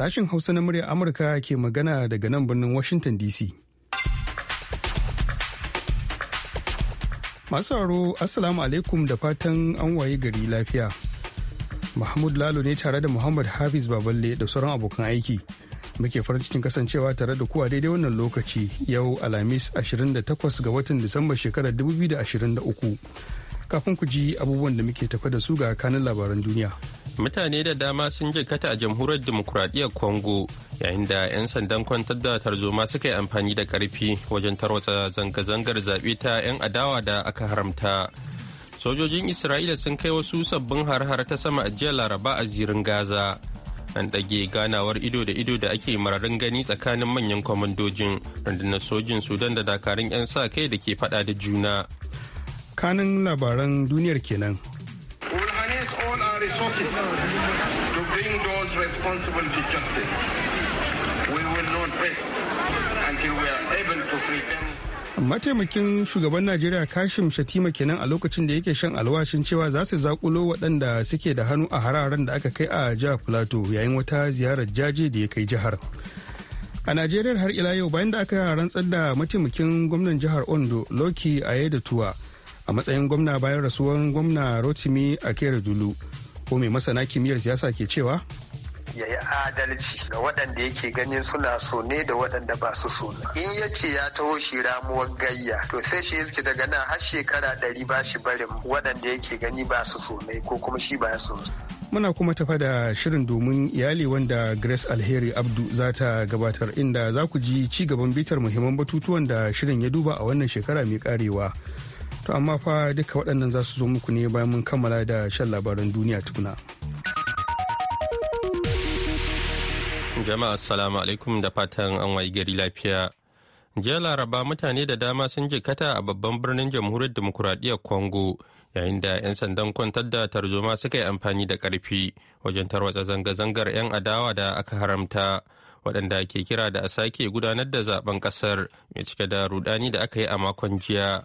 sashen Hausa na muryar Amurka ke magana daga nan birnin Washington DC. Masu aro Assalamu alaikum da fatan an waye gari lafiya. Mahmud Lalo ne tare da Muhammad Hafiz Baballe da sauran abokan aiki. Muke farin cikin kasancewa tare da kuwa daidai wannan lokaci yau Alhamis 28 ga watan Disamba shekarar 2023. kafin ku ji abubuwan da muke tafa da su ga kanin labaran duniya. Mutane da dama sun jikata a jamhuriyar demokuraɗiyyar Congo yayin da 'yan sandan kwantar da tarzoma suka yi amfani da ƙarfi wajen tarwatsa zanga-zangar zaɓe ta 'yan adawa da aka haramta. Sojojin Isra'ila sun kai wasu sabbin har-har ta sama a jiya Laraba a zirin Gaza. an ɗage ganawar ido da ido da ake mararin gani tsakanin manyan kwamandojin rundunar sojin sudan da dakarun 'yan sa kai da ke faɗa da juna tsakanin labaran duniyar kenan. Mataimakin shugaban Najeriya Kashim Shatima kenan a lokacin da yake shan alwashin cewa za su zakulo waɗanda suke da hannu a hararen da aka kai a jihar Plateau yayin wata ziyarar jaje da ya kai jihar. A Najeriya har ila yau bayan da aka rantsar da mataimakin gwamnan jihar Ondo Loki Ayedatuwa. tuwa a matsayin gwamna bayan rasuwan gwamna rotimi a kera dulu ko mai masana kimiyyar siyasa ke cewa ya yi adalci ga waɗanda yake ganin suna so ne da waɗanda ba su so in ya ce ya taho shi ramuwar gayya to sai shi yake daga nan har shekara ɗari ba shi barin waɗanda yake gani ba su so ne ko kuma shi ba su muna kuma tafa da shirin domin iyali wanda grace alheri abdu za ta gabatar inda za ku ji ci gaban bitar muhimman batutuwan da shirin ya duba a wannan shekara mai karewa To amma fa duka waɗannan za su zo muku ne bayan mun kammala da shan labaran duniya tukuna. Jama'a assalamu alaikum da fatan an wayi gari lafiya. Jiya Laraba mutane da dama sun jikata a babban birnin jamhuriyar demokuraɗiyyar Congo yayin da 'yan sandan kwantar da tarzoma suka yi amfani da ƙarfi wajen tarwatsa zanga-zangar 'yan adawa da aka haramta. waɗanda ke kira da a sake gudanar da zaben ƙasar mai cike da rudani da aka yi a makon jiya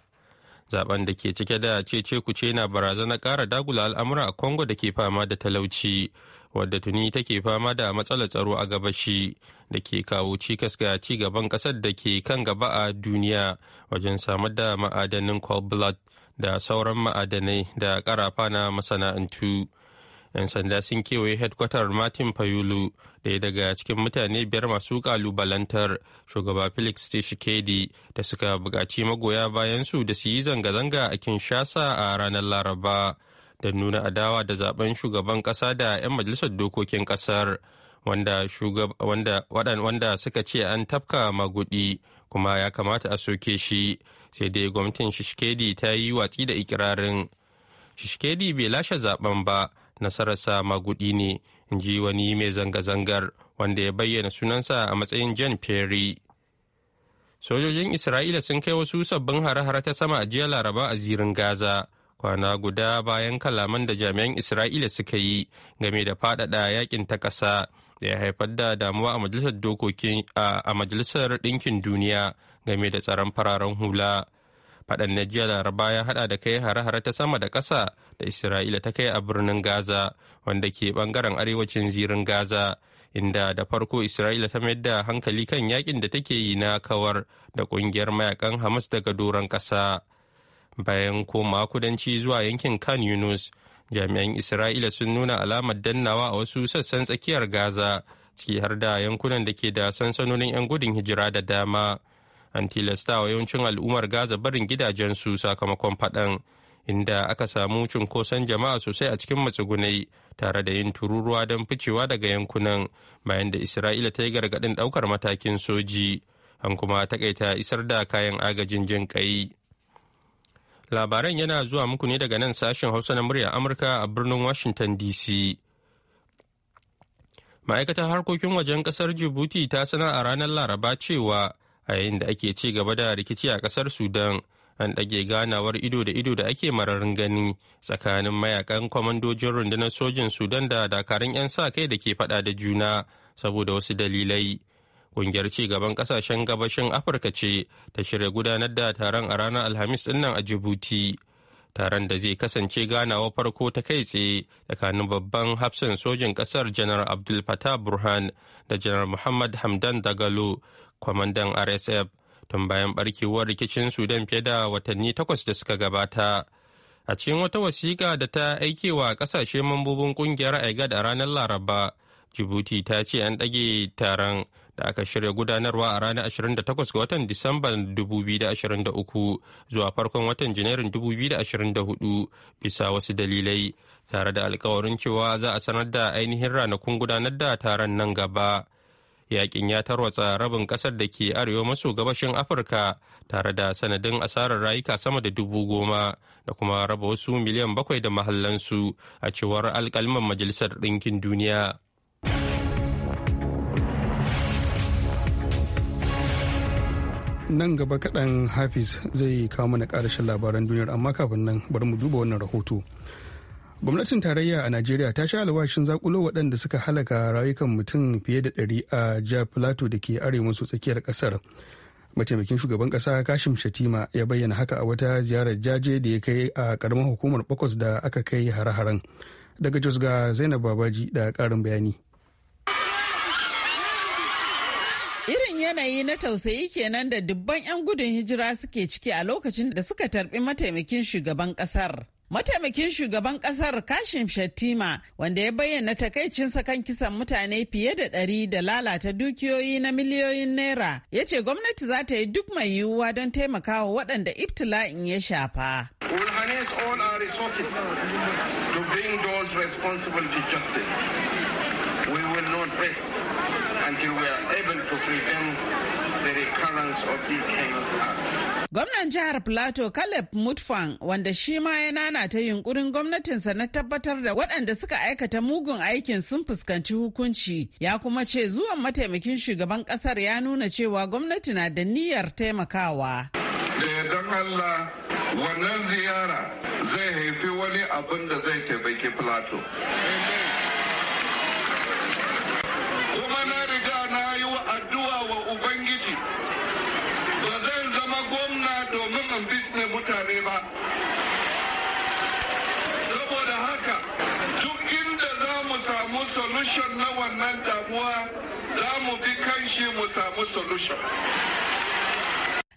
zaben da ke cike da cece ce na barazanar kara dagula al'amura a congo da ke fama da talauci wadda tuni take fama da matsalar tsaro a gabashi da ke kawo cikas ga ci gaban ƙasar da ke kan gaba a duniya wajen samar da ma'adanin cobalt da sauran ma'adanai da ƙarafa na masana'antu. 'yan sanda sun kewaye hedkwatar martin fayulu daya daga cikin mutane biyar masu kalubalantar shugaba felix tshisekedi da suka buƙaci magoya bayan su da su yi zanga-zanga a kinshasa a ranar laraba da nuna adawa da zaben shugaban ƙasa da 'yan majalisar dokokin ƙasar wanda, wanda suka ce an tafka magudi kuma ya kamata a soke shi sai dai gwamnatin shishkedi ta yi watsi da ikirarin shishkedi bai lashe zaben ba nasararsa magudi ne in ji wani mai zanga-zangar wanda ya bayyana sunansa a matsayin jan perry sojojin isra'ila sun kai wasu sabbin hare-hare ta sama a jiya laraba a zirin gaza kwana guda bayan kalaman da jami'an isra'ila suka yi game da faɗaɗa yakin ta ƙasa da ya haifar da damuwa a majalisar dokokin a majalisar ɗinkin duniya game da tsaron fararen hula faɗan na jiya laraba ya haɗa da kai hare-hare ta sama da ƙasa da isra'ila ta kai a birnin gaza wanda ke ɓangaren arewacin zirin gaza inda da farko isra'ila ta mayar da hankali kan yakin da take yi na kawar da ƙungiyar mayakan hamas daga doron ƙasa bayan koma kudanci zuwa yankin kan yunus jami'an isra'ila sun nuna alamar dannawa a wasu sassan tsakiyar gaza ciki har da yankunan da ke da sansanonin 'yan gudun hijira da dama an tilastawa yawancin al'ummar gaza barin gidajen su sakamakon faɗan inda aka samu cunkoson jama'a sosai a cikin matsugunai tare da yin tururuwa don ficewa daga yankunan bayan da isra'ila ta yi gargaɗin ɗaukar matakin soji an kuma takaita isar da kayan agajin jin ƙai labaran yana zuwa muku ne daga nan sashen hausa na murya amurka a birnin washington dc ma'aikatar harkokin wajen kasar jibuti ta sanar a ranar laraba cewa a yayin da ake ci gaba da rikici a kasar sudan an ɗage ganawar ido da ido da ake mararin gani tsakanin mayakan kwamandojin rundunar sojin sudan da dakarun 'yan sa kai da ke faɗa da juna saboda wasu dalilai ƙungiyar ci gaban ƙasashen gabashin afirka ce ta shirya gudanar da taron a ranar alhamis ɗin nan a jibuti taron da zai kasance ganawa farko ta kai tsaye tsakanin babban hafsan sojin kasar janar abdul fatah burhan da janar muhammad hamdan dagalo kwamandan rsf tun bayan barkewar rikicin sudan fiye da watanni takwas da suka gabata a cikin wata wasiƙa da ta aikewa ƙasashe mambobin ƙungiyar aigad a ranar laraba jibuti ta ce an ɗage taron da aka shirya gudanarwa a ranar 28 ga watan Disamba 2023 zuwa farkon watan Janairun 2024 bisa wasu dalilai tare da alkawarin cewa za a sanar da ainihin ranakun gudanar da taron nan gaba. yakin ya tarwatsa rabin kasar da ke arewa maso gabashin afirka tare da sanadin asarar rayuka sama da dubu goma da kuma raba wasu miliyan bakwai da mahallansu a cewar alkalman majalisar ɗinkin duniya nan gaba kaɗan hafiz zai kawo mana ƙarashin labaran duniyar amma kafin nan bari mu duba wannan rahoto gwamnatin tarayya a najeriya ta sha alwashin zakulo waɗanda suka halaka rayukan mutum fiye da ɗari a ja plateau da ke arewa su tsakiyar ƙasar mataimakin shugaban ƙasa kashim shatima ya bayyana haka a wata ziyarar jaje da ya kai a ƙaramin hukumar bakwas da aka kai hare-haren daga jos ga zainab babaji da ƙarin bayani Irin yanayi na tausayi kenan da dubban 'yan gudun hijira suke ciki a lokacin da suka tarbi mataimakin shugaban ƙasar Mataimakin shugaban kasar Kashim Shattima wanda ya bayyana takaicin sakan kisan mutane fiye da ɗari da lalata dukiyoyi na miliyoyin naira ya ce gwamnati za ta yi duk mai yiwuwa don taimakawa waɗanda ibtila'in ya shafa. We will not rest until we are able to prevent Gwamnan jihar Plato Caleb Mutfang wanda shi ma ya nana ta yunkurin gwamnatinsa na tabbatar da waɗanda suka aikata mugun aikin sun fuskanci hukunci ya kuma ce zuwan mataimakin shugaban ƙasar ya nuna cewa gwamnati na da niyyar taimakawa. Da don Allah wannan ziyara zai haifi wani abin da zai taimaki Plato. Kuma na riga na addu'a wa ubangiji ba zai zama gwamna domin in bisne mutane ba saboda haka duk inda za mu samu solution na wannan damuwa za mu bi kanshi mu samu solution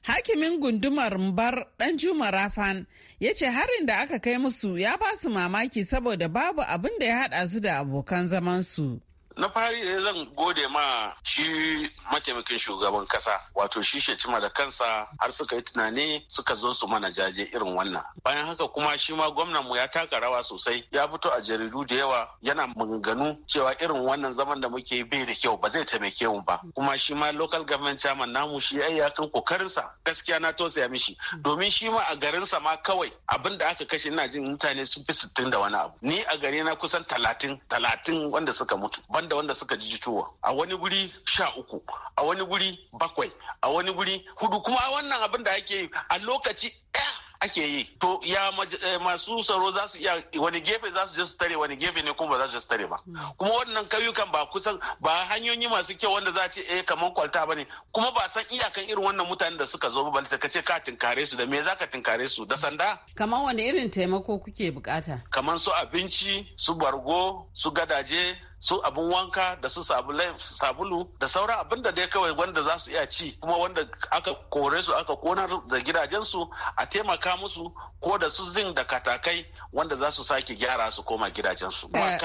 hakimin gundumar mbar dan juma rafan ya ce harin da aka kai musu ya ba su mamaki saboda babu abin da ya hada su da abokan zamansu na fari da zan gode ma shi mataimakin shugaban kasa wato shi cima da kansa har suka yi tunani suka zo su mana jaje irin wannan bayan haka kuma shi ma gwamnan mu ya taka rawa sosai ya fito a jaridu da yawa yana maganganu cewa irin wannan zaman da muke bai da kyau ba zai taimake mu ba kuma shi ma local government chairman namu shi ya yi kan kokarinsa gaskiya na tausaya mishi domin shi ma a garinsa ma kawai abin da aka kashe ina jin mutane sun fi sittin da wani abu ni a gari na kusan talatin talatin wanda suka mutu ban daban da wanda suka ji jituwa a wani guri sha uku a wani guri bakwai a wani guri hudu kuma wannan abin da ake yi a lokaci ake yi to ya eh, masu tsaro za su iya wani gefe za su je su tare wani gefe ne kuma ba za su tare ba hmm. kuma wannan kauyukan ba kusan ba hanyoyi masu kyau wanda za ce eh kaman kwalta ba bane kuma ba san iyakan irin wannan mutanen da suka zo ba ka ce ka tinkare su da me za ka tinkare su da sanda kaman wani irin taimako kuke bukata kaman su abinci su bargo su gadaje su abin wanka da su sabulu da sauran abin da dai kawai wanda za su iya ci kuma wanda aka kore su aka konar da gidajensu a taimaka musu ko da su zin da katakai wanda za su sake gyara su koma gidajensu. Eh,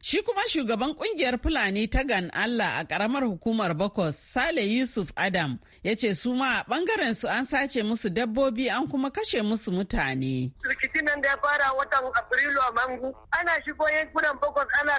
shi kuma shugaban kungiyar Fulani ta gan Allah a karamar hukumar Bakos Sale Yusuf Adam ya ce su ma a bangaren su an sace musu dabbobi an kuma kashe musu mutane. Rikicin nan da ya fara watan Afrilu a Mangu ana shigo yankunan Bakos ana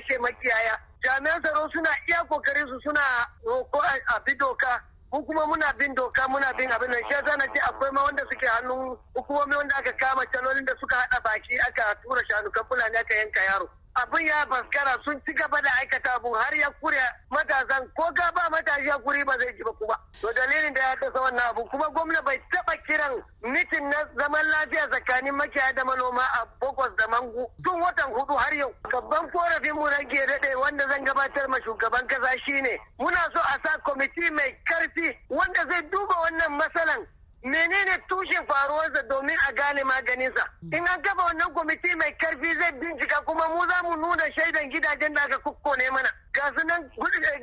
kashe makiyaya jami'an tsaro suna iya kokarin su suna roko a bi doka mu kuma muna bin doka muna bin abin nan shi yasa na ce akwai ma wanda suke hannun hukumomi wanda aka kama calolin da suka hada baki aka tura shanu kan fulani aka yanka yaro abin ya baskara sun ci gaba da aikata abu har ya kure matasan ko ga ba matashi ya kuri ba zai ji ba kuma to dalilin da ya dasa wannan abu kuma gwamna bai taba kiran mitin na zaman lafiya tsakanin makiyaya da manoma a bokos da mangu tun watan hudu har yau babban korafin mu rage daɗe wanda zan gabatar ma shugaban kasa shine muna so a sa kwamiti mai karfi wanda zai duba wannan matsalan menene tushen faruwarsa domin a gane maganinsa. Hmm. In an kafa wannan kwamiti mai karfi zai bincika kuma mu za mu nuna shaidan gidajen da aka ne mana. Ga su nan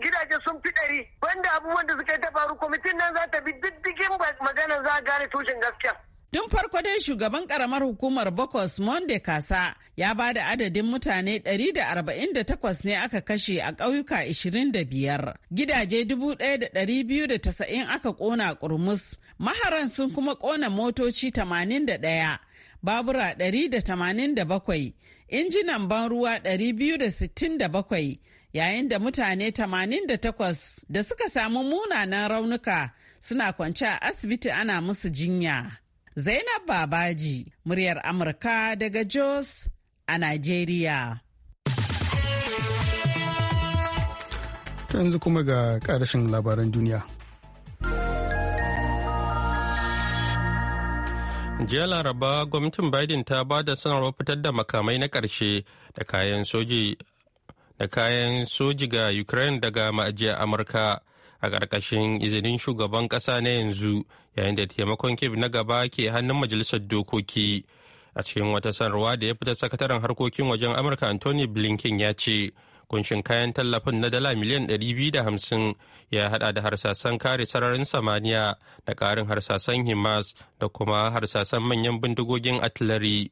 gidaje sun fi ɗari banda abubuwan da suka yi ta faru kwamitin nan za ta bi diddigin maganar za a gane tushen gaskiya. Tun farko dai shugaban karamar hukumar Bokos Monde Kasa ya ba da adadin mutane 148 ne aka kashe a ƙauyuka 25, gidaje 1,290 aka ƙona ƙurmus, maharan sun kuma ƙona motoci 81, babura 187, injinan ban ruwa 267, yayin da mutane 88 da suka samu munanan raunuka suna kwance a asibiti ana musu jinya. Zainab Babaji, muryar Amurka daga Jos a Najeriya. Yanzu kuma ga ƙarashin labaran duniya. Jiya Laraba, gwamnatin Biden ta ba da sanarwar fitar da makamai na ƙarshe da kayan soji da kayan soji ga Ukraine daga ma'ajiyar Amurka. a ƙarƙashin izinin shugaban ƙasa na yanzu yayin da taimakon kib na gaba ke hannun majalisar dokoki a cikin wata sanarwa da ya fita sakataren harkokin wajen amurka anthony blinken ya ce kunshin kayan tallafin na dala miliyan hamsin ya haɗa da harsasan kare sararin samaniya da karin harsasan himas da kuma harsasan manyan bindigogin atilari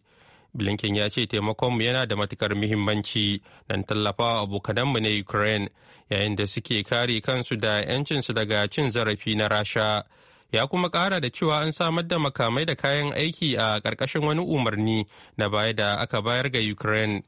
Blinken ya ce taimakonmu yana da matukar muhimmanci don tallafawa abokananmu na Ukraine yayin da suke kare kansu da 'yancinsu daga cin zarafi na Rasha. Ya kuma ƙara da cewa an samar da makamai da kayan aiki a ƙarƙashin wani umarni na baya da aka bayar ga Ukraine.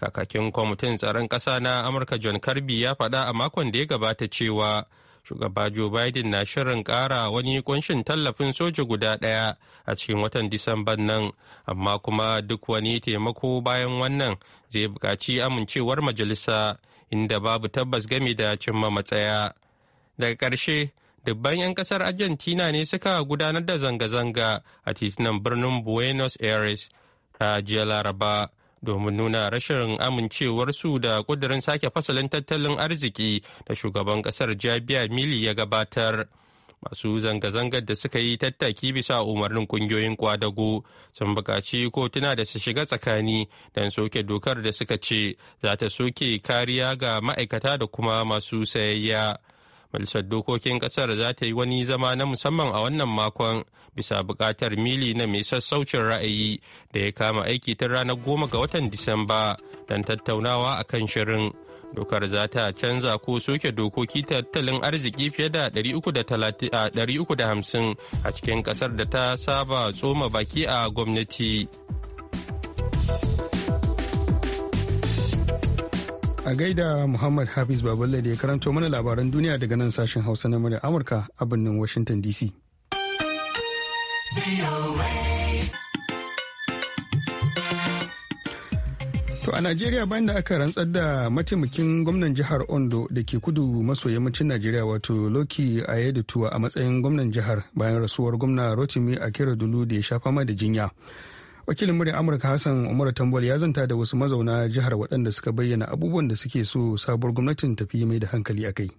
Kakakin kwamitin tsaron ƙasa na Amurka John Kirby ya faɗa a makon da ya gabata cewa shugaba joe biden na shirin kara wani kunshin tallafin soja guda daya a cikin watan disamban nan amma kuma duk wani taimako bayan wannan zai bukaci amincewar majalisa inda babu tabbas game da cimma matsaya daga ƙarshe dubban 'yan kasar argentina ne suka gudanar da zanga-zanga a titunan birnin buenos aires ta jiya laraba domin nuna rashin amincewarsu da kudirin sake fasalin tattalin arziki da shugaban kasar jabiya mili ya gabatar masu zanga-zangar da suka yi tattaki bisa umarnin kungiyoyin kwadago sun buƙaci kotuna da su shiga tsakani don soke dokar da suka ce za ta soke kariya ga ma'aikata da kuma masu sayayya Majalisar Dokokin Ƙasar za ta yi wani zama na musamman a wannan makon bisa buƙatar mili na mai sassaucin ra'ayi da ya kama aiki tun ranar goma ga watan Disamba don tattaunawa a kan shirin. Dokar za ta canza ko soke dokoki tattalin arziki fiye da 350 a cikin ƙasar da ta saba tsoma baki a gwamnati. A gaida Muhammad Hafiz Baballe da ya karanto mana labaran duniya daga nan sashen Hausa na murya Amurka a birnin Washington DC. To a Najeriya bayan da aka rantsar da mataimakin gwamnan jihar Ondo da ke kudu maso yammacin Najeriya wato Loki Ayedutuwa a matsayin gwamnan jihar bayan rasuwar gwamna Rotimi kerar-dulu da ya sha fama da jinya. wakilin muryar amurka hassan umar tambol ya zanta da wasu mazauna jihar waɗanda suka bayyana abubuwan da suke so sabuwar gwamnatin tafi mai da hankali a kai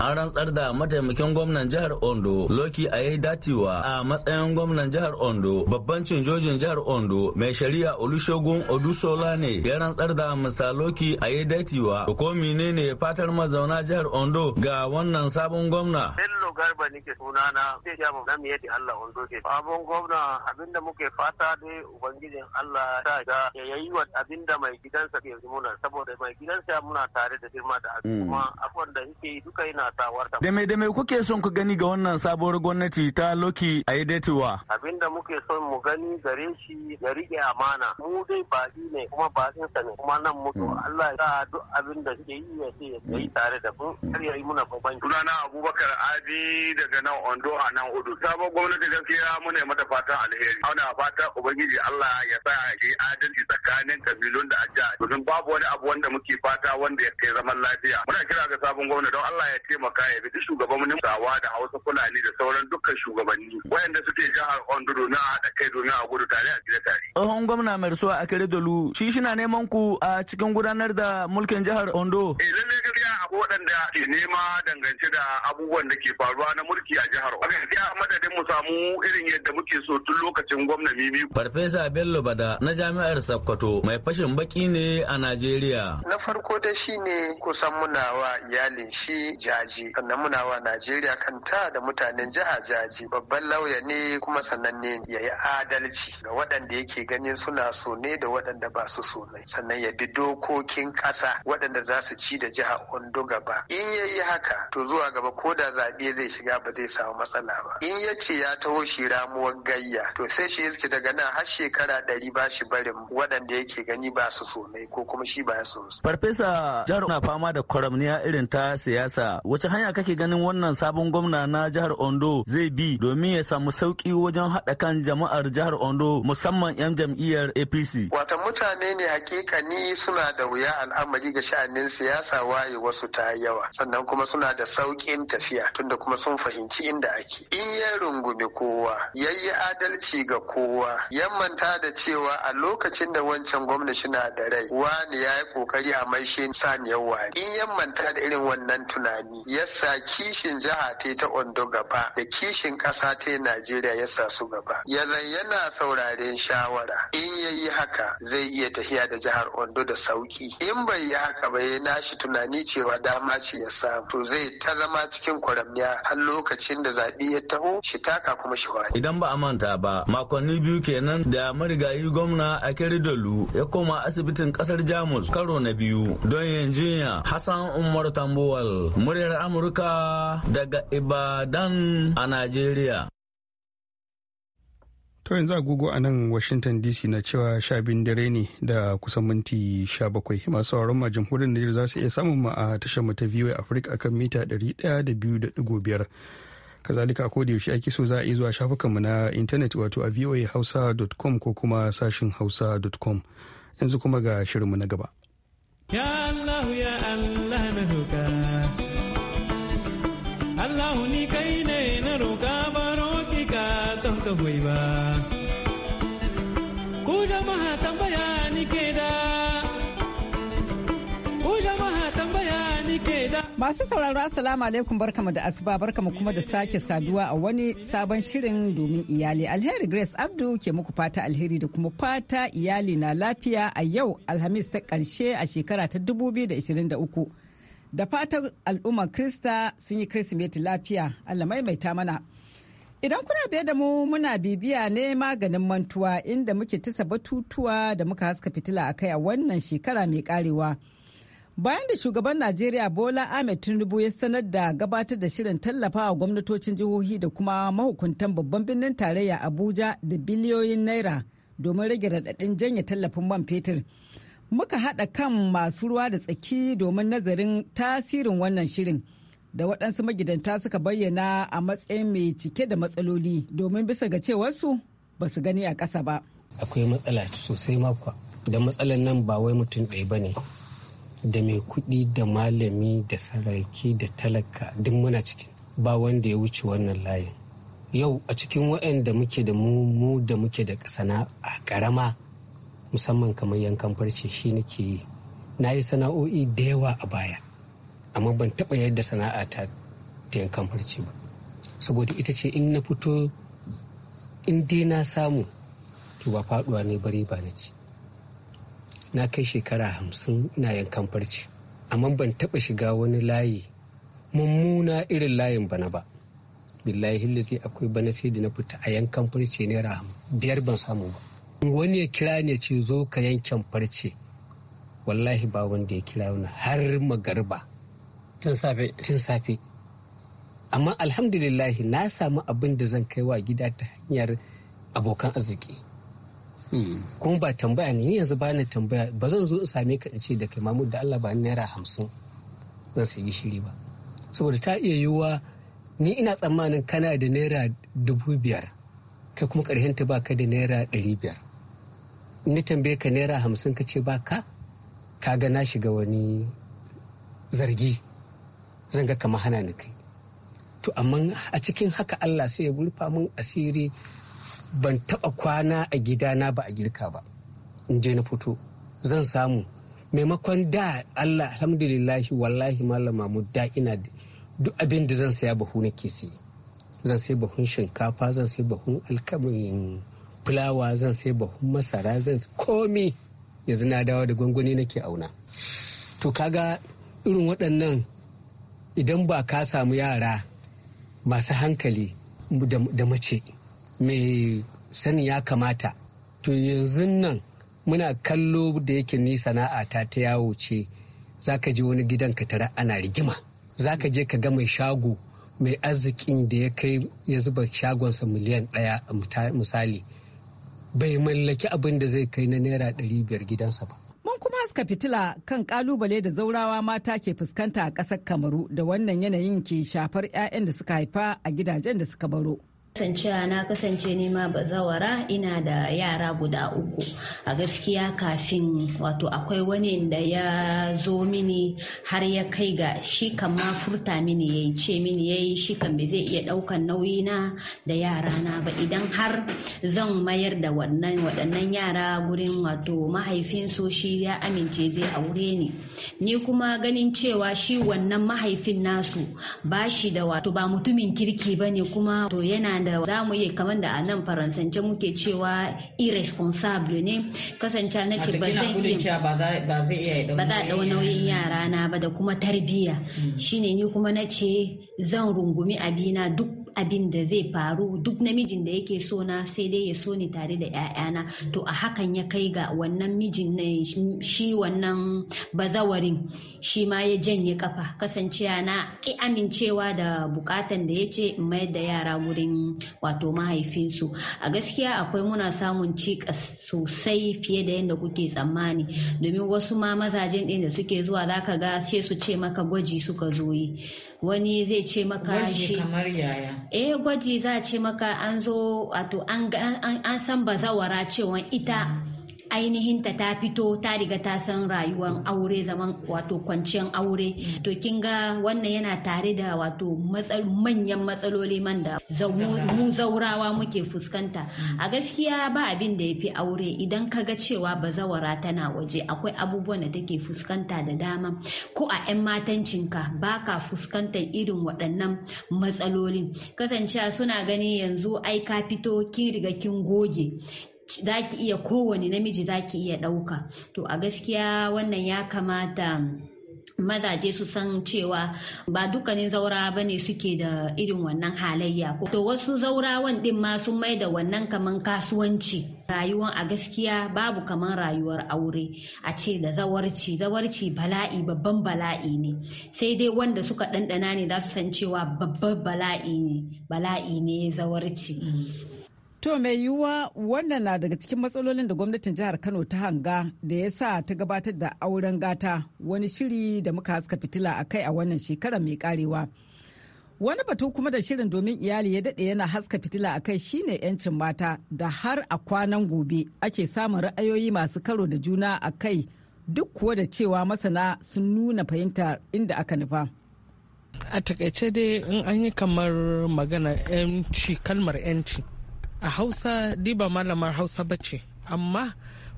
an rantsar da mataimakin gwamnan jihar ondo loki a yi datiwa a matsayin gwamnan jihar ondo babban cinjojin jihar ondo mai shari'a olusegun odusola ne ya rantsar da mr loki yi datiwa da ko ne fatar mazauna jihar ondo ga wannan sabon gwamna bello garba nike sunana zai ja mu yadda allah ondo ke sabon gwamna abinda muke fata dai ubangijin allah ta ga ya wa abinda mai gidansa ke muna saboda mai gidansa muna tare da girma da hmm. kuma abubuwan da yake duka yana sasawarta. Da me da kuke son ku gani ga wannan sabuwar gwamnati ta Loki a Abin Abinda muke son mu gani gare shi ya rike amana. Mu dai baɗi ne kuma baɗin sa ne kuma nan mutu hmm. Allah ya duk abin da suke yi ya ce ya yi hmm. tare da mu. har ya yi muna babban. Sunana Abubakar Adi daga nan Ondo a nan Udu. Sabon gwamnati gaskiya muna mata fatan alheri. Ana fata Ubangiji Allah ya sa ya adalci tsakanin kabilun da ajiya. Domin babu wani abu wanda muke fata wanda ya kai zaman lafiya. Muna kira ga sabon gwamnati don Allah ya ce taimaka ya bi shugabannin Sawa da hausa fulani da sauran dukkan shugabanni wayanda suke jihar ondo na haɗa kai domin a gudu tare a gida tare. Tsohon gwamna mai a kare Dolu shi shina neman ku a cikin gudanar da mulkin jihar Ondo. Eh lallai gaskiya a waɗanda ke nema dangance da abubuwan da ke faruwa na mulki a jihar Ondo. Gaskiya madadin mu samu irin yadda muke so tun lokacin gwamna Mimi. Farfesa Bello Bada na Jami'ar Sokoto mai fashin baki ne a Najeriya. Na farko da shi ne kusan muna wa iyalin shi jaji? jaji sannan muna wa najeriya kanta da mutanen jiha jaji babban lauya ne kuma sananne ya yi adalci ga waɗanda yake ganin suna so ne da waɗanda ba su so ne sannan ya bi dokokin ƙasa waɗanda za su ci da jiha ondo gaba in ya yi haka to zuwa gaba ko da zaɓe zai shiga ba zai samu matsala ba in ya ce ya taho shi ramuwar gayya to sai shi yake daga nan har shekara ɗari ba shi barin waɗanda yake gani ba su so ne ko kuma shi ba ya so su. farfesa jihar na fama da kwaramniya irin ta siyasa wace hanya kake ganin wannan sabon gwamna na jihar Ondo zai bi domin ya samu sauki wajen haɗa kan jama'ar jihar Ondo musamman 'yan jam'iyyar APC? Wata mutane ne hakikani suna da wuya al'amari ga sha'anin siyasa waye wasu ta yawa sannan kuma suna da sauƙin tafiya tunda kuma sun fahimci inda ake. In ya rungumi kowa, ya yi adalci ga kowa, ya manta da cewa a lokacin da wancan gwamna suna da rai, wani ya yi ƙoƙari a maishe saniyar wani. In ya manta da irin wannan tunani yasa kishin jiha te ta ondo gaba da kishin ƙasa ta najeriya yasa su gaba yazan yana sauraren shawara in ya yi haka zai iya tafiya da jihar ondo da sauki in bai yi haka ba ya nashi tunani cewa dama ce ya samu to zai ta zama cikin kwaramniya har lokacin da zaɓe ya taho shi taka kuma shi idan ba a manta ba makonni biyu kenan da marigayi gwamna a Dalu ya koma asibitin ƙasar jamus karo na biyu don yanzu hassan umar tambuwal muryar muryar Amurka daga Ibadan a Najeriya. To yanzu agogo a nan Washington DC na cewa sha biyun dare ne da kusan minti sha bakwai masu sauraron ma jamhuriyar Najeriya za su iya samun ma a tashar ta VOA Africa kan mita ɗari ɗaya da biyu da ɗigo biyar. Kazalika ko da yaushe ake so za a iya zuwa shafukanmu na intanet wato a voahausa.com ko kuma sashin hausa.com yanzu kuma ga shirinmu na gaba. Ya Allah ya Allah na allahu ni kai ne na roƙa ba ka don ka ba. Ku jama'a tambaya ni ke da. Masu sauraro asalamu alaikum barkamu da asuba barkamu kuma da sake saduwa a wani sabon shirin domin iyali. Alheri Grace Abdu ke muku fata alheri da kuma fata iyali na lafiya a yau Alhamis ta karshe a shekara ta 2023. da fatan al'ummar krista sun yi kirsimeti lafiya allah maimaita mana idan kuna biye da mu muna bibiya ne maganin mantuwa inda muke tisa batutuwa da muka haska fitila a kai a wannan shekara mai karewa bayan da shugaban najeriya bola ahmed tinubu ya sanar da gabatar da shirin tallafa tallafawa gwamnatocin jihohi da kuma mahukuntan babban birnin tarayya abuja da biliyoyin naira domin rage raɗaɗin janye tallafin man fetur. muka haɗa kan masu ruwa da tsaki domin nazarin tasirin wannan shirin da waɗansu magidanta suka bayyana a matsayin mai cike da matsaloli domin bisa ga cewarsu ba su gani a ƙasa ba. Akwai matsala sosai makwa da matsalan nan ba wai mutum ɗaya ba ne da mai kuɗi da malami da saraki da talaka duk muna cikin ba wanda ya wuce wannan layin. Yau a cikin waɗanda muke da mu da muke da a ƙarama musamman kamar yankan farce shi nake yi na yi sana'o'i da yawa a baya amma ban taɓa yadda sana'a ta yankan farce ba saboda ita ce in na fito in dai na samu to ba faɗuwa ne bari ba na ci na kai shekara hamsin ina yankan farce amma ban taɓa shiga wani layi mummuna irin layin bana ba billahi hillazi akwai bana sai da na fita a yankan farce naira biyar ban samu ba wani ya kira ne ce zo ka yankin farce wallahi ba wanda ya kira wani har magarba tun safe tun safe amma alhamdulillahi na samu abin da zan kai wa gida ta hanyar abokan arziki hmm. kuma ba tambaya ne yanzu ba na tambaya ba zan zo in same ka in ce da kai mamu da Allah ba naira hamsin zan sayi gishiri ba saboda ta iya yiwuwa ni ina tsammanin kana da naira dubu biyar kai kuma ta ba ka da naira ɗari biyar ni tambaye ka naira hamsin ka ce ba ka ka ga na shiga wani zargi zan ga kama hana ni kai to amma a cikin haka allah sai ya gulfa mun asiri ban taba kwana a gidana ba a girka ba in je na fito zan samu maimakon da allah alhamdulillahi wallahi malam mahmud da ina duk abin da zan saya bahu na ke sai zan sai bahun shinkafa zan sai bahun alkamin fulawa zan sai bahun masara zan komi yanzu na dawo da gwangwani nake auna to kaga irin waɗannan idan ba ka samu yara masu hankali da mace mai sani ya kamata to yanzu nan muna kallo da yake ni sana'a ta ta yawo ce za ka je wani gidan ka tara ana rigima za ka je ka ga mai shago mai arzikin da ya kai ya zuba shagonsa miliyan ɗaya a misali bai mallaki abin da zai kai na naira ɗari biyar gidansa ba. Mun kuma haska fitila kan kalubale da zaurawa mata ke fuskanta a ƙasar Kamaru da wannan yanayin ke shafar 'ya'yan da suka haifa a gidajen da suka baro. kasancewa na kasance nima bazawara ina da yara guda uku a gaskiya kafin wato akwai wani da ya zo mini har ya kai ga shi kan ma furta mini ya ce mini ya yi shi kan bai zai iya daukan nauyi na da yara na ba idan har zan mayar da wannan waɗannan yara gurin wato mahaifinsu shi ya amince zai aure ni ni kuma ganin cewa shi wannan mahaifin nasu ba shi da wato ba mutumin kirki ba ne kuma to yana da za mu yi kamar da a nan faransance muke cewa irresponsible ne kasance na ce ba zai iya ba za a ɗau nauyin yara na ba da kuma tarbiyya hmm. shine ni kuma na ce zan rungumi abina duk abin da zai faru duk namijin da yake so na sai dai ya so ni tare da 'ya'yana to a hakan ya kai ga wannan mijin na shi wannan bazawarin shi ma ya janye kafa kasancewa na ki amincewa da bukatan da ya ce in mayar da yara wurin wato mahaifinsu a gaskiya akwai muna samun cikas sosai fiye da yadda kuke tsammani domin wasu ma mazajen ɗin da suke zuwa zaka ga sai su ce maka gwaji suka zo yi wani zai ce maka shi kamar eh gwaji za a ce maka an zo wato an san bazawara cewa ita mm. ainihin ta ta fito ta riga ta san rayuwar aure zaman wato kwanciyar aure mm. to kin ga wannan yana tare da wato manyan matsaloli man da mu zaurawa muke fuskanta mm. a gaskiya ba abin da ya fi aure idan ka ga cewa bazawara tana waje akwai abubuwan da take fuskanta da dama ko a 'yan matancinka ba ka fuskantar irin waɗannan matsalolin kasancewa suna gani yanzu ai ka fito kin riga kin goge za ki iya kowane namiji za ki iya ɗauka to a gaskiya wannan ya kamata mazaje su san cewa ba dukkanin zaura ba ne suke da irin wannan halayya to wasu zaurawan din ma sun mai da wannan kaman kasuwanci rayuwan a gaskiya babu kamar rayuwar aure a ce da zawarci zawarci bala'i babban bala'i ne sai dai wanda suka ɗanɗana ne za su san cewa babban bala'i ne bala'i ne zawarci mm. To mai yiwuwa wannan na daga cikin matsalolin da gwamnatin jihar Kano ta hanga da ya sa ta gabatar da auren gata wani shiri da muka haska fitila a kai a wannan shekarar mai karewa. Wani batu kuma da shirin domin iyali ya daɗe yana haska fitila a kai shine 'yancin mata da har a kwanan gobe ake samun ra'ayoyi masu karo da juna a kai duk kuwa da cewa masana sun nuna fahimta inda aka nufa. A takaice dai in an yi kamar magana 'yanci kalmar 'yanci. a hausa ni ba malamar hausa ba ce amma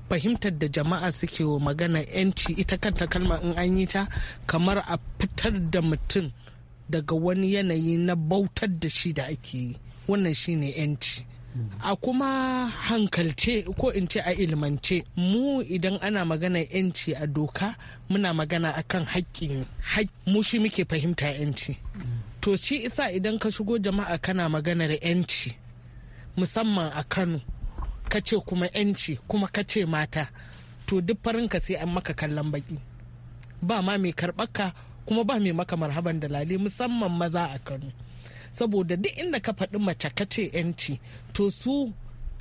fahimtar da jama'a suke wa magana yanci ita kanta kalma in an yi ta kamar a fitar da mutum daga wani yanayi na bautar da shi da ake yi wannan shine yanci a kuma hankalce ko in ce a ilmance mu idan ana magana yanci a doka muna magana akan haƙƙin mu shi muke fahimta yanci to shi isa idan ka shigo jama'a kana maganar yanci musamman a kano ka ce kuma yanci kuma ka ce mata to duk ka sai an maka kallon baki ba ma mai karɓarka kuma ba mai maka marhaban dalali musamman maza a kano saboda duk inda ka faɗi mace ka ce yanci to su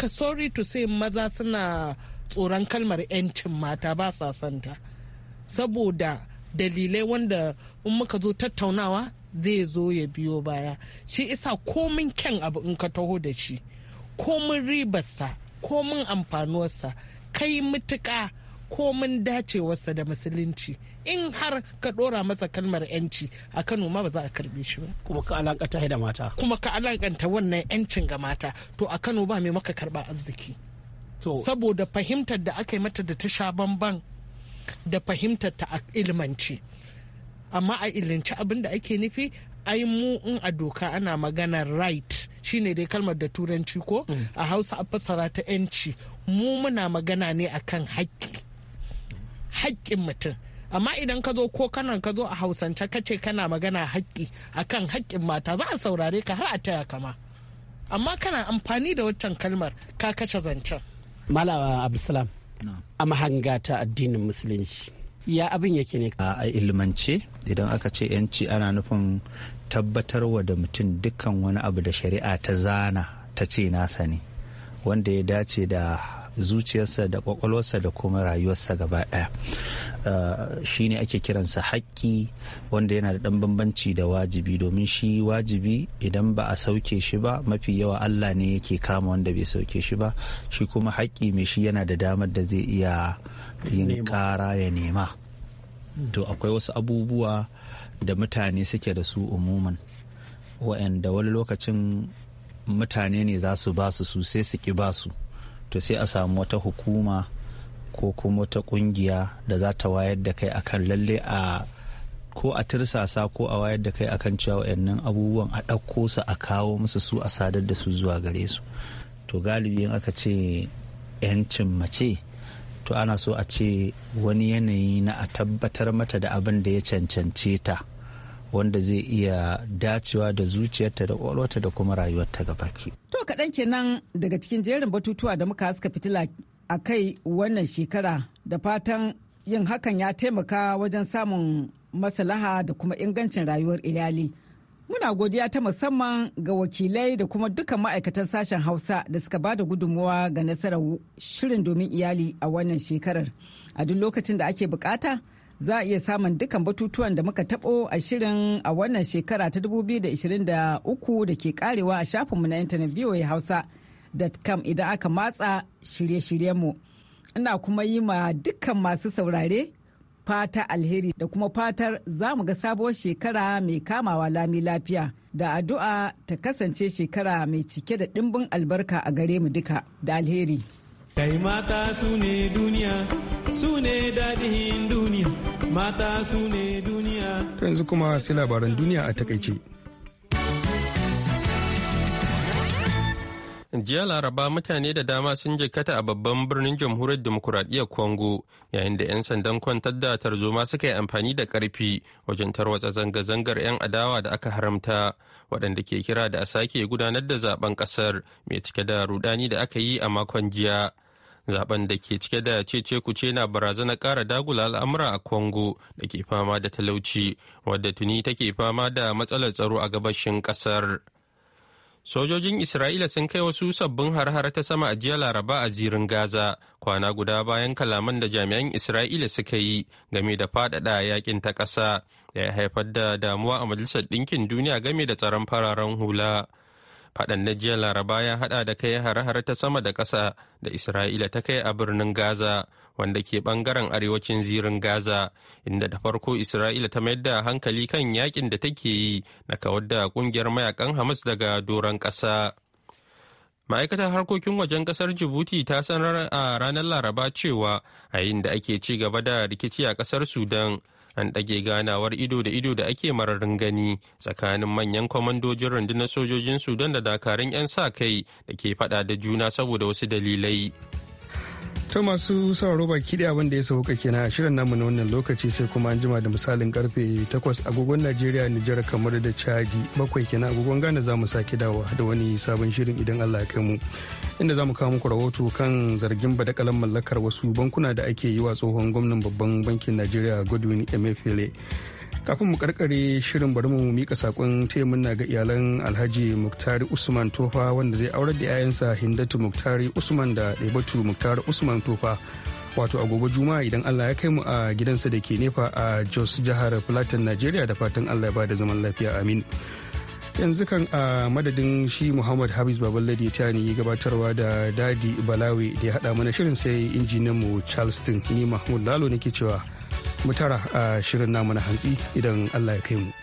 ka sorry to say maza suna tsoron kalmar yancin mata ba sa santa saboda dalilai wanda in muka zo tattaunawa zai zo ya biyo baya shi isa komin kyan abu in ka taho da shi komin ribarsa komin amfanuwarsa kai mutuƙa komin dacewarsa da musulunci in har ka ɗora masa kalmar yanci a kano ma ba za a karbe shi ba kuma ka alakanta da mata kuma ka alakanta wannan yancin ga mata to a kano ba mai maka karba arziki saboda fahimtar da aka yi mata da ta sha bamban da fahimtar ta a ilmanci amma a ilinci abin da ake nufi ai mu in a doka ana maganar right shine dai kalmar da turanci ko mm. a hausa a fassara ta 'yanci mu muna magana ne akan haƙƙi haƙƙin mutum amma idan ka zo ko kanan ka zo a hausance ka ce kana magana haƙƙi akan haƙƙin mata za a saurare ka har a taya kama amma kana amfani da waccan kalmar ka kashe zancen malama abdulsalam a mahanga addinin musulunci ya abin yake ne a ilmance idan aka ce yanci ana nufin tabbatarwa da mutum dukkan wani abu da shari'a ta zana ta ce nasa ne wanda ya dace da zuciyarsa da kwakwalwarsa da kuma rayuwarsa gaba ɗaya uh, shi ne ake kiransa haƙƙi wanda yana da ɗan bambanci da wajibi domin shi wajibi idan ba a sauke shi ba mafi yawa allah ne yake kama wanda bai sauke shi ba shi kuma haƙƙi mai shi yana da damar da zai iya yin ƙara ya nema to akwai wasu abubuwa da mutane suke da su umuman wa'anda wani lokacin mutane ne za su ba su sai su ƙi ba su to sai a samu wata hukuma ko kuma wata kungiya da za ta wayar da kai akan lalle a ko a tirsasa ko a wayar da kai akan cewa wayannan abubuwan a ɗauko su a kawo musu su a sadar da su zuwa gare su to galibi in aka ce 'yancin mace to ana so a ce wani yanayi na a tabbatar mata da abin da ya cancance ta wanda zai iya dacewa da zuciyarta da kwalwata da kuma rayuwarta ga baki. To kaɗan kenan daga cikin jerin batutuwa da muka haska fitila a kai wannan shekara da fatan yin hakan ya taimaka wajen samun maslaha da kuma ingancin rayuwar iyali. Muna godiya ta musamman ga wakilai da kuma dukkan ma'aikatan sashen Hausa da suka ba da gudunmuwa ga nasarar shirin domin iyali a wannan shekarar. A duk lokacin da ake bukata. za a iya samun dukkan batutuwan da muka tabo a shirin a wannan shekara ta 2023 da ke karewa a shafinmu na intanet voa hausa.com idan aka matsa shirye-shiryenmu ina kuma yi ma dukkan masu saurare fata alheri da kuma fatar za mu ga sabuwar shekara mai kamawa lami lafiya da addu'a ta kasance shekara mai cike da dimbin albarka a gare mu duka da alheri. Kai mata su ne duniya su ne dadihin duniya mata su ne duniya yanzu kuma sai labaran duniya a takaice jiya laraba mutane da dama sun kata a babban birnin jamhuriyar demokuraɗiyyar congo yayin da 'yan sandan kwantar da tarzoma suka yi amfani da ƙarfi wajen tarwatsa zanga-zangar 'yan adawa da aka haramta waɗanda ke kira da a sake gudanar da zaben ƙasar mai cike da rudani da aka yi a makon jiya zaben da ke cike da cece kuce na barazana kara dagula al'amura a congo da ke fama da talauci wadda tuni take fama da matsalar tsaro a gabashin kasar. sojojin isra'ila sun kai wasu sabbin har-har ta sama a jiya laraba a zirin gaza kwana guda bayan kalaman da jami'an isra'ila suka yi game da faɗaɗa yakin ta ƙasa da ya haifar da damuwa a majalisar ɗinkin duniya game da tsaron fararen hula. Faɗan na jiya Laraba ya haɗa da kai hare-hare ta sama da ƙasa da Isra'ila ta kai a birnin Gaza wanda ke ɓangaren arewacin zirin Gaza, inda da farko Isra'ila ta mayar da hankali kan yakin da take yi na kawar da ƙungiyar mayakan Hamas daga doron ƙasa. ma'aikatar harkokin wajen kasar jibuti ta sanar a ranar laraba cewa a yayin da ake ci gaba da rikici a kasar sudan an ɗage ganawar ido da ido da ake mararin gani tsakanin manyan kwamandojin rundunar sojojin sudan da dakarun 'yan sa kai da ke faɗa da juna saboda wasu dalilai ta masu sauraro baki da abin da ya sauka kenan a shirin namu na wannan lokaci sai kuma an jima da misalin karfe 8 agogon najeriya nijar kamar da chadi bakwai kenan agogon ghana za mu sake dawa da wani sabon shirin idan allah ya kai mu inda za mu kawo muku rahoto kan zargin badakalan mallakar wasu bankuna da ake yi wa tsohon gwamnan babban bankin najeriya godwin emefiele kafin mu karkare shirin bari mu mika sakon taimun na ga iyalan alhaji muktari usman tofa wanda zai aurar da 'ya'yansa hindatu muktari usman da ɗaibatu muktari usman tofa wato a gobe juma'a idan allah ya kai mu a gidansa da ke nefa a jos jihar plateau najeriya da fatan allah ya ba da zaman lafiya amin yanzu kan a madadin shi muhammad habis baballade ta ne gabatarwa da dadi balawe da ya haɗa mana shirin sai mu charleston ni mahmud lalo nake cewa mu tara a shirin namu na hantsi idan allah ya kai mu.